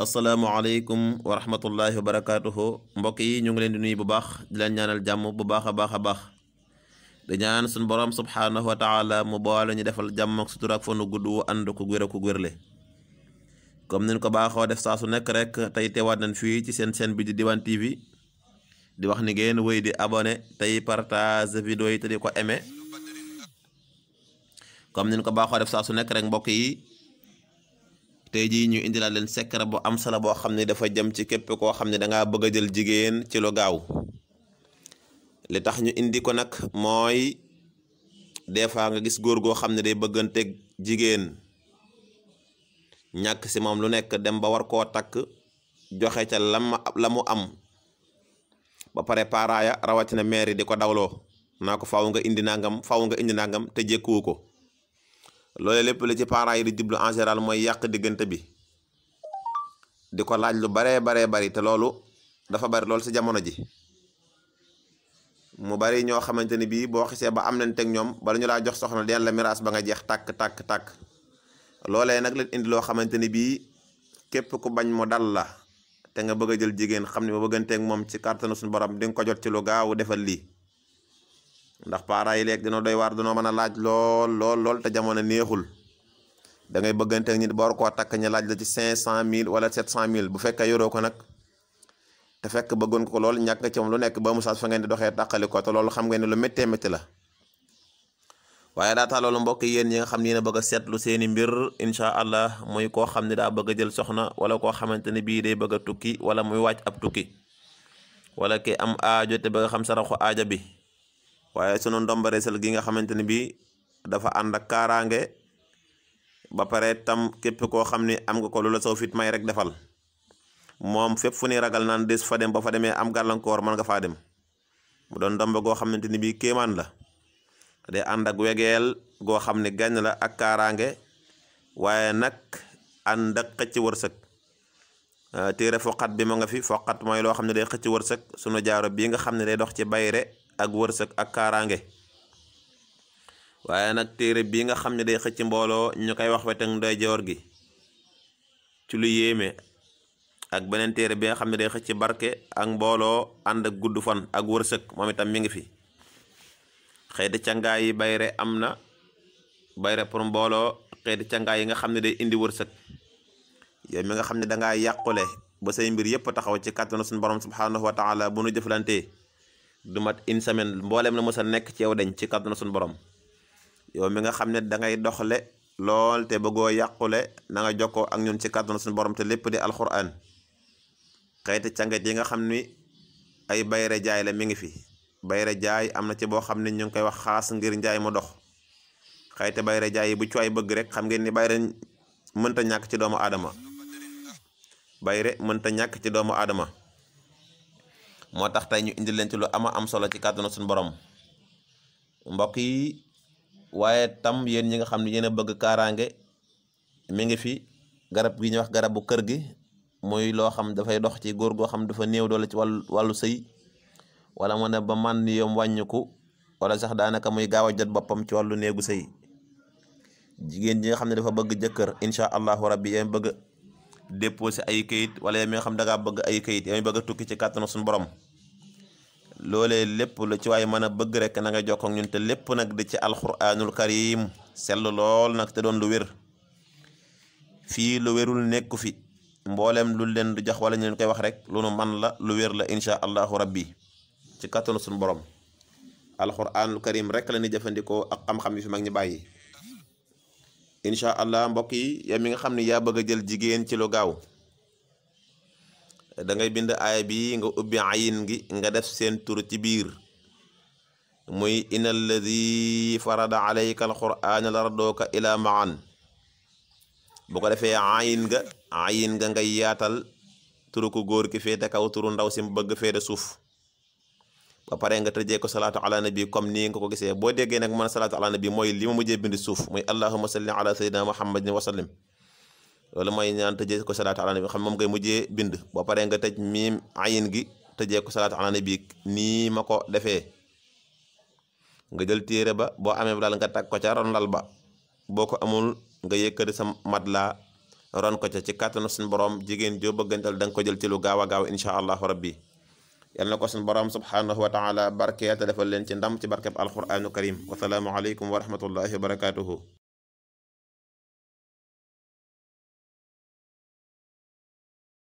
asalaamualeykum wa rahmatullahi wa barakaatuhu mbokk yi ñu ngi leen di nuyu bu baax di leen ñaanal jàmm bu baax a baax a baax di ñaan suñu borom subhaanahu wa taala mu boole ñu defal jàmm ak sutura ak fanu gudd wu ànd ko gwér a ko gwérle comme ko baaxoo def saa su nekk rek tey teewaat nañ fii ci seen seen bi di Diwane TV di wax ni ngeen wéy di abonné yi te ko aimé comme niñ ko baaxoo def saa su nekk rek mbokk yi tey jii ñu indi indilaat leen secret bu am solo boo xam ne dafa jëm ci képp koo xam ne dangaa bëgg jël jigéen ci lu gaaw li tax ñu indi ko nag mooy des fois nga gis góor goo xam ne day bëgganteeg jigéen ñàkk si moom lu nekk dem ba war koo takk joxe ca lam la mu am ba pare paaraaya rawatina maire di ko dawloo naa ko faaw nga indi nangam faaw nga indi nangam te jékkuwu ko loole lépp la ci parent yi di jublu en général mooy yàq diggante bi di ko laaj lu baree baree bari te loolu dafa bari loolu ci jamono ji mu bari ñoo xamante ni bii boo xisee ba am nañ teg ñoom ba bala ñu laa jox soxna den la miraas ba nga jeex tàkk tàkk tàkk loolee nag leen indi loo xamante ni bii képp ku bañ mu dal la te nga bëgga jël jigéen xam ne ba bëgganteeg moom ci kàttanu suñu borom dinga ko jot ci lu gaaw defal lii ndax parents yi léegi dina doy waar dunoo mën a laaj lool lool lool te jamono neexul da ngay bëggante nit ba war koo takk ñu laaj la ci cinq cent mille wala sept cent mille bu fekkee yoroo ko nag te fekk bëggoon ko lool ñàkk nga ci moom lu nekk ba mu saas fa ngeen di doxee tàqali ko te loolu xam ngeen ne lu méttee métti la waaye daa loolu mbokk yéen ñi nga xam ne yéen a bëgg a seetlu seeni mbir incha allah muy koo xam ne daa bëgg a jël soxna wala koo xamante ne bii day bëgg a tukki wala muy wàcc ab tukki wala ki am aajo te bëgg a xam saraxu aaja bi waaye sunu ndomba resel gi nga xamante ne bii dafa ànd ak kaaraange ba pare tam képp koo xam ni am nga kolo lu la saw fit may rek defal moom fépp fu ni ragal naan des fa dem ba fa demee am gàllankoor mën nga faa dem mu doon ndomba goo xamante ni bii kéemaan la day ànd ak wegeel goo xam ne gàññ la ak kaaraange waaye nag ànd ak xëcc wërsëg téere foqat bi ma nga fi foqat mooy loo xam ne day xëcc wërsëg sunu jaaro bii nga xam ne day dox ci bayre ak wërsëg ak kaaraange waaye nag téere bii nga xam ne day xëcc mbooloo ñu koy wax weteg ndeyjoor gi ci lu yéeme ak beneen téere bi nga xam ne day xëcc barke ak mbooloo ànd ak gudd fan ak wërsëg moom itam mi ngi fi xeeti cangaay yi bayre am na bayre pour mbooloo xeeti cangaay yi nga xam ne day indi wërsëg yow mi nga xam ne dangaa yàqule ba say mbir yépp taxaw ci kàttanu suñu borom subhanahu wa taala bu nu jëflantee du mat une semaine mbooleem la mos a nekk ci yow dañ ci kàttanu suñu borom yow mi nga xam ne dangay ngay doxle lool te bëggoo yàqule na nga jokkoo ak ñun ci kàttanu suñ borom te lépp di alxuraan xeeti càngat yi nga xam ni ay bayre jaay la mi ngi fi bayre jaay am na ci boo xam ne ñu ngi koy wax xaas ngir njaay mu dox xeeti bayre jaay yi bu ci cuwaay bëgg rek xam ngeen ni bayre mënta ñàkk ci doomu aadama bayre mënta ñàkk ci doomu aadama moo tax tey ñu indi leen ci lu ama am solo ci kàttanu suñu borom mbokk yi waaye tam yéen ñi nga xam ne yéen bëgg kaaraange mi ngi fi garab gi ñuy wax garabu kër gi muy loo xam dafay dox ci góor goo xam dafa néew doole ci wàllu wàllu sëy wala mu ne ba man yom wàññiku wala sax daanaka muy gaaw a jot boppam ci wàllu néegu sëy jigéen ñi nga xam ne dafa bëgg jëkkër incha allahu rabbi yéen bëgg déposé ay kayit wala yow xam da bëgg ay kayit yow bëgg a tukki ci kàttanu suñu borom loole lépp lu ci waaye mën a bëgg rek na nga jokkoo ak ñun te lépp nag di ci alxuraanul karim sell lool nag te doon lu wér fii lu wérul nekk fi mboolem lu leen du jax wala ñu leen koy wax rek lu nu man la lu wér la incha allahu rabbi ci kàttanu suñu borom alxuraanul karim rek la ñuy jëfandikoo ak xam-xam yi fi mag ñi bàyyi. incha allah mbokk yi mi nga xam ne yaa bëgg a jël jigéen ci lu gaaw dangay bind aaya bi nga ubbi ayin gi nga def seen tur ci biir muy ina alladi farada alayka alqur'ana laraddooka ila maan bu ko defee ayin nga ga nga ngay yaatal tur ku góor ki féete kaw turu ndaw si bëgg féete suuf ba pare nga tëjee ko salaatu ala nabi comme nii nga ko gisee boo déggee nag man salaatu ala nabi mooy li ma mujjee bind suuf muy allahumma salli ala sayyidina muhammadin wa sallim loolu mooy ñaan tëjee ko salaatu ala nabi xam moom ngay mujjee bind ba pare nga tëj miim ayin gi tëjee ko salaatu ala nabi nii ma ko defee nga jël téere ba boo amee daal nga tag ko ca ron lal ba boo ko amul nga yëkkati sa mat laa ron ko ca ci kàttanu suñu borom jigéen joo bëggantal da nga ko jël ci lu gaaw a gaaw incha allahu rabbi yal na ko suñu borom subhaanahu wa taala barkeel te defal leen ci ndam ci barkeb alquraanu karim wasalaamu aleykum wa rahmatullahi wa barakatuhu